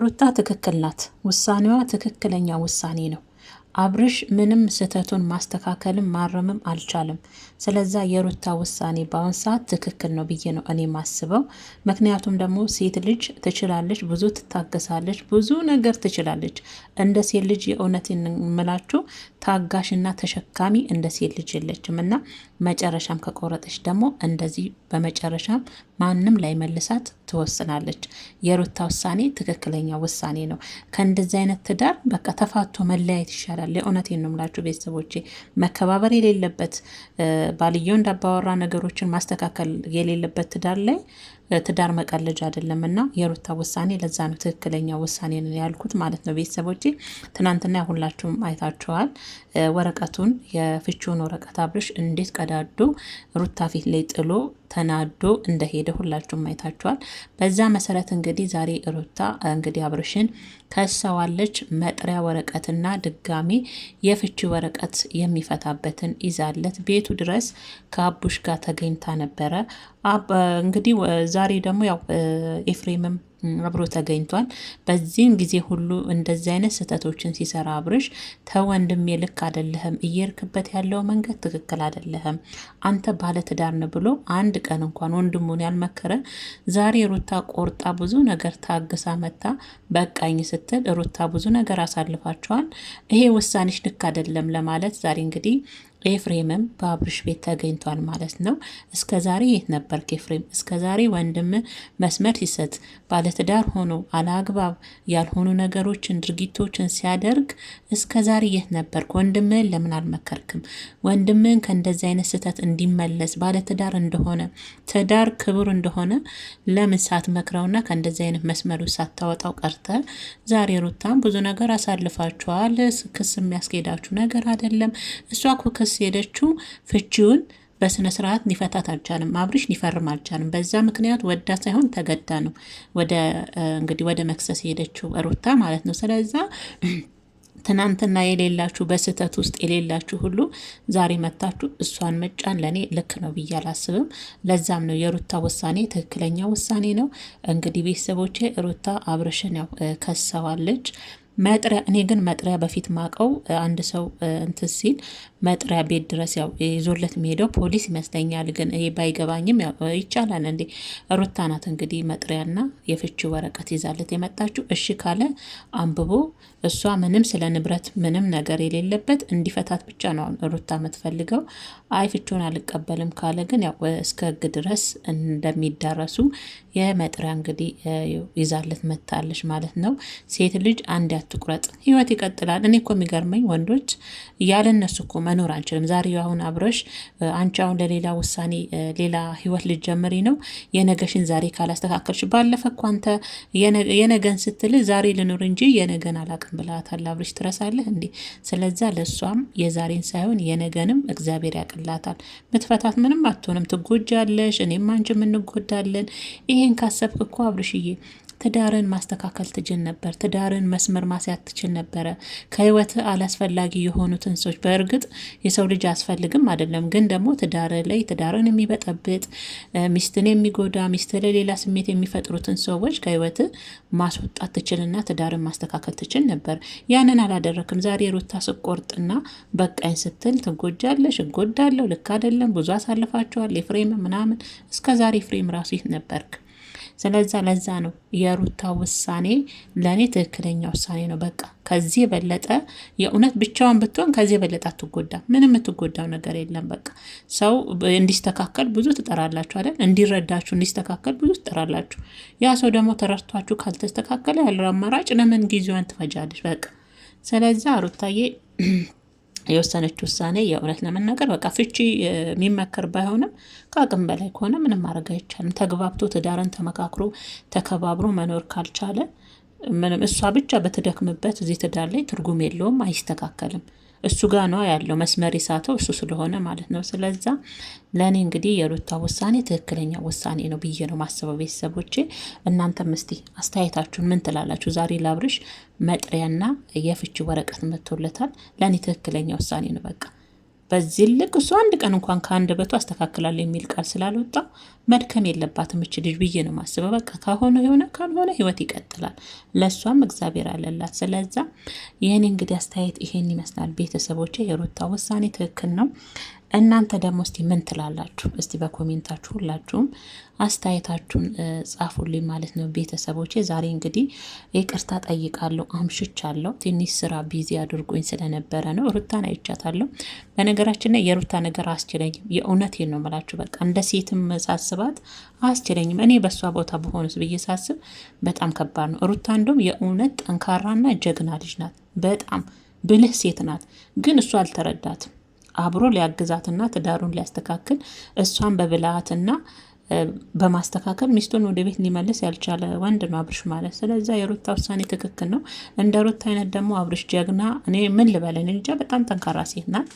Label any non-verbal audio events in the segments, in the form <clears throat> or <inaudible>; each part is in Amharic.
ሩታ ትክክል ናት። ውሳኔዋ ትክክለኛ ውሳኔ ነው። አብርሽ ምንም ስህተቱን ማስተካከልም ማረምም አልቻለም። ስለዛ የሩታ ውሳኔ በአሁን ሰዓት ትክክል ነው ብዬ ነው እኔ ማስበው። ምክንያቱም ደግሞ ሴት ልጅ ትችላለች፣ ብዙ ትታገሳለች፣ ብዙ ነገር ትችላለች። እንደ ሴት ልጅ የእውነት የምላችሁ ታጋሽና ተሸካሚ እንደ ሴት ልጅ የለችም እና መጨረሻም ከቆረጠች ደግሞ እንደዚህ በመጨረሻም ማንም ላይ መልሳት ትወስናለች። የሩታ ውሳኔ ትክክለኛ ውሳኔ ነው። ከእንደዚህ አይነት ትዳር በቃ ተፋቶ መለያየት ይሻላል። የእውነት ነው የምላችሁ ቤተሰቦቼ። መከባበር የሌለበት ባልየው እንዳባወራ ነገሮችን ማስተካከል የሌለበት ትዳር ላይ ትዳር መቀለጅ አይደለም እና የሩታ ውሳኔ ለዛ ነው ትክክለኛ ውሳኔ ነው ያልኩት ማለት ነው ቤተሰቦቼ። ትናንትና ሁላችሁም አይታችኋል። ወረቀቱን የፍቺውን ወረቀት አብርሽ እንዴት ቀዳዱ ሩታ ፊት ላይ ጥሎ ተናዶ እንደሄደ ሁላችሁም አይታችኋል። በዛ መሰረት እንግዲህ ዛሬ ሩታ እንግዲህ አብርሽን ከሰዋለች። መጥሪያ ወረቀትና ድጋሚ የፍቺ ወረቀት የሚፈታበትን ይዛለት ቤቱ ድረስ ከአቡሽ ጋር ተገኝታ ነበረ። እንግዲህ ዛሬ ደግሞ ያው ኤፍሬምም አብሮ ተገኝቷል። በዚህም ጊዜ ሁሉ እንደዚህ አይነት ስህተቶችን ሲሰራ አብርሽ ተወንድሜ ልክ አደለህም፣ እየርክበት ያለው መንገድ ትክክል አደለህም፣ አንተ ባለትዳር ብሎ አንድ ቀን እንኳን ወንድሙን ያልመከረ ዛሬ ሩታ ቆርጣ ብዙ ነገር ታግሳ መታ በቃኝ ስትል ሩታ ብዙ ነገር አሳልፋቸዋል። ይሄ ውሳኔሽ ልክ አደለም ለማለት ዛሬ እንግዲህ ኤፍሬምም በአብርሽ ቤት ተገኝቷል ማለት ነው። እስከ ዛሬ የት ነበር ኤፍሬም? እስከ ዛሬ ወንድም መስመር ሲሰጥ ባለትዳር ሆኖ አለአግባብ ያልሆኑ ነገሮችን ድርጊቶችን ሲያደርግ እስከ ዛሬ የት ነበርክ? ወንድምህን ለምን አልመከርክም? ወንድምህን ከእንደዚህ አይነት ስህተት እንዲመለስ ባለትዳር እንደሆነ ትዳር ክቡር እንደሆነ ለምን ሳትመክረውና ከእንደዚህ አይነት መስመሩ ሳታወጣው ቀርተ ዛሬ ሩታም ብዙ ነገር አሳልፋችኋል። ክስ የሚያስኬዳችሁ ነገር አይደለም። እሷ ክስ ሄደችው ፍቺውን በስነ ስርዓት ሊፈታት አልቻልም። አብርሽ ሊፈርም አልቻልም። በዛ ምክንያት ወዳ ሳይሆን ተገዳ ነው ወደ እንግዲህ ወደ መክሰስ ሄደችው ሩታ ማለት ነው። ስለዛ ትናንትና የሌላችሁ በስህተት ውስጥ የሌላችሁ ሁሉ ዛሬ መታችሁ እሷን መጫን ለእኔ ልክ ነው ብዬ አላስብም። ለዛም ነው የሩታ ውሳኔ ትክክለኛ ውሳኔ ነው። እንግዲህ ቤተሰቦቼ ሩታ አብርሽን ያው ከሰዋለች። መጥሪያ እኔ ግን መጥሪያ በፊት ማቀው አንድ ሰው እንትን ሲል መጥሪያ ቤት ድረስ ያው ይዞለት የሚሄደው ፖሊስ ይመስለኛል። ግን ይሄ ባይገባኝም ይቻላል እንዴ ሩታ ናት እንግዲህ መጥሪያና የፍቺ ወረቀት ይዛለት የመጣችው። እሺ ካለ አንብቦ እሷ ምንም ስለ ንብረት ምንም ነገር የሌለበት እንዲፈታት ብቻ ነው ሩታ የምትፈልገው። አይ ፍቺውን አልቀበልም ካለ ግን ያው እስከ ህግ ድረስ እንደሚዳረሱ የመጥሪያ እንግዲህ ይዛለት መታለች ማለት ነው። ሴት ልጅ አንድ አትቁረጥ፣ ህይወት ይቀጥላል። እኔ እኮ የሚገርመኝ ወንዶች ያለ እነሱ እኮ መኖር አንችልም። ዛሬ አሁን አብረሽ አንቺ አሁን ለሌላ ውሳኔ ሌላ ህይወት ልጀምሪ ነው። የነገሽን ዛሬ ካላስተካከልሽ፣ ባለፈ እኮ አንተ የነገን ስትልህ ዛሬ ልኖር እንጂ የነገን አላቅም ብላታል። አብረሽ ትረሳለህ እንዴ? ስለዛ ለእሷም የዛሬን ሳይሆን የነገንም እግዚአብሔር ያቅላታል። ምትፈታት ምንም አትሆንም። ትጎጃለሽ፣ እኔም አንቺም እንጎዳለን። ይሄን ካሰብክ እኮ አብርሽዬ ትዳርን ማስተካከል ትችል ነበር። ትዳርን መስመር ማስያት ትችል ነበረ። ከህይወት አላስፈላጊ የሆኑትን ሰዎች በእርግጥ የሰው ልጅ አስፈልግም አይደለም፣ ግን ደግሞ ትዳር ላይ ትዳርን የሚበጠብጥ ሚስትን የሚጎዳ ሚስት ለሌላ ስሜት የሚፈጥሩትን ሰዎች ከህይወት ማስወጣት ትችልና ትዳርን ማስተካከል ትችል ነበር። ያንን አላደረክም። ዛሬ ሩታ ስቆርጥና በቃኝ ስትል ትጎጃለሽ፣ እጎዳለሁ፣ ልክ አይደለም፣ ብዙ አሳልፋቸዋል፣ የፍሬም ምናምን እስከ ዛሬ ፍሬም ራሱ ይህ ነበርክ። ስለዛ ለዛ ነው የሩታ ውሳኔ ለእኔ ትክክለኛ ውሳኔ ነው። በቃ ከዚህ የበለጠ የእውነት ብቻዋን ብትሆን ከዚህ የበለጠ አትጎዳም። ምንም የምትጎዳው ነገር የለም። በቃ ሰው እንዲስተካከል ብዙ ትጠራላችሁ አይደል? እንዲረዳችሁ እንዲስተካከል ብዙ ትጠራላችሁ። ያ ሰው ደግሞ ተረድቷችሁ ካልተስተካከለ ያለው አማራጭ ለምን ጊዜዋን ትፈጃለች? በቃ ስለዚ ሩታዬ <clears throat> የወሰነች ውሳኔ የእውነት ለመናገር በቃ ፍቺ የሚመከር ባይሆንም ከአቅም በላይ ከሆነ ምንም ማድረግ አይቻልም። ተግባብቶ ትዳርን ተመካክሮ ተከባብሮ መኖር ካልቻለ ምንም እሷ ብቻ በትደክምበት እዚህ ትዳር ላይ ትርጉም የለውም፣ አይስተካከልም። እሱ ጋር ነው ያለው መስመር ይሳተው እሱ ስለሆነ ማለት ነው። ስለዛ ለእኔ እንግዲህ የሩታ ውሳኔ ትክክለኛ ውሳኔ ነው ብዬ ነው ማስበው። ቤተሰቦቼ እናንተም እስቲ አስተያየታችሁን ምን ትላላችሁ? ዛሬ ላብርሽ መጥሪያና የፍቺ ወረቀት መጥቶለታል። ለእኔ ትክክለኛ ውሳኔ ነው በቃ በዚህ ልክ እሱ አንድ ቀን እንኳን ከአንድ በቱ አስተካክላለሁ የሚል ቃል ስላልወጣ መድከም የለባትም እች ልጅ ብዬ ነው ማስበው። በቃ ከሆነ የሆነ ካልሆነ ህይወት ይቀጥላል። ለእሷም እግዚአብሔር አለላት። ስለዛ ይህን እንግዲህ አስተያየት ይሄን ይመስላል ቤተሰቦች። የሩታ ውሳኔ ትክክል ነው። እናንተ ደግሞ እስቲ ምን ትላላችሁ? እስቲ በኮሜንታችሁ ሁላችሁም አስተያየታችሁን ጻፉልኝ ማለት ነው። ቤተሰቦቼ ዛሬ እንግዲህ ይቅርታ ጠይቃለሁ። አምሽቻለሁ። ትንሽ ስራ ቢዚ አድርጎኝ ስለነበረ ነው። ሩታን አይቻታለሁ። በነገራችን ላይ የሩታ ነገር አስችለኝም። የእውነቴን ነው የምላችሁ። በቃ እንደ ሴትም ሳስባት አስችለኝም። እኔ በእሷ ቦታ በሆኑስ ብዬ ሳስብ በጣም ከባድ ነው። ሩታ እንደውም የእውነት ጠንካራና ጀግና ልጅ ናት። በጣም ብልህ ሴት ናት። ግን እሱ አልተረዳትም አብሮ ሊያግዛትና ትዳሩን ሊያስተካክል እሷን በብልሃትና በማስተካከል ሚስቱን ወደ ቤት ሊመልስ ያልቻለ ወንድ ነው አብርሽ ማለት። ስለዚ የሩታ ውሳኔ ትክክል ነው። እንደ ሩታ አይነት ደግሞ አብርሽ ጀግና፣ እኔ ምን ልበለን እንጃ። በጣም ጠንካራ ሴት ናት።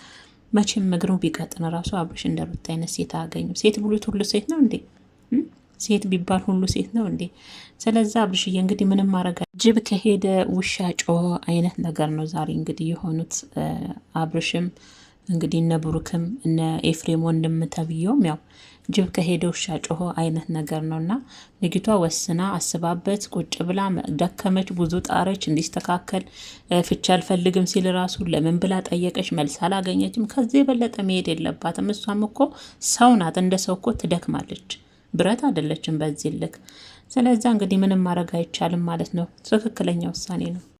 መቼም እግሩ ቢቀጥን ራሱ አብርሽ እንደ ሩታ አይነት ሴት አያገኝም። ሴት ብሉት ሁሉ ሴት ነው እንዴ? ሴት ቢባል ሁሉ ሴት ነው እንዴ? ስለዛ አብርሽዬ እንግዲህ ምንም ማረጋ ጅብ ከሄደ ውሻ ጮ አይነት ነገር ነው ዛሬ እንግዲህ የሆኑት አብርሽም እንግዲህ እነ ብሩክም እነ ኤፍሬም ወንድም ተብዬውም ያው ጅብ ከሄደ ውሻ ጮሆ አይነት ነገር ነው እና ንግቷ ወስና አስባበት ቁጭ ብላ ደከመች፣ ብዙ ጣረች እንዲስተካከል። ፍቺ አልፈልግም ሲል ራሱ ለምን ብላ ጠየቀች፣ መልስ አላገኘችም። ከዚህ የበለጠ መሄድ የለባትም። እሷም እኮ ሰው ናት፣ እንደ ሰው እኮ ትደክማለች። ብረት አይደለችም በዚህ ልክ። ስለዛ እንግዲህ ምንም ማድረግ አይቻልም ማለት ነው። ትክክለኛ ውሳኔ ነው።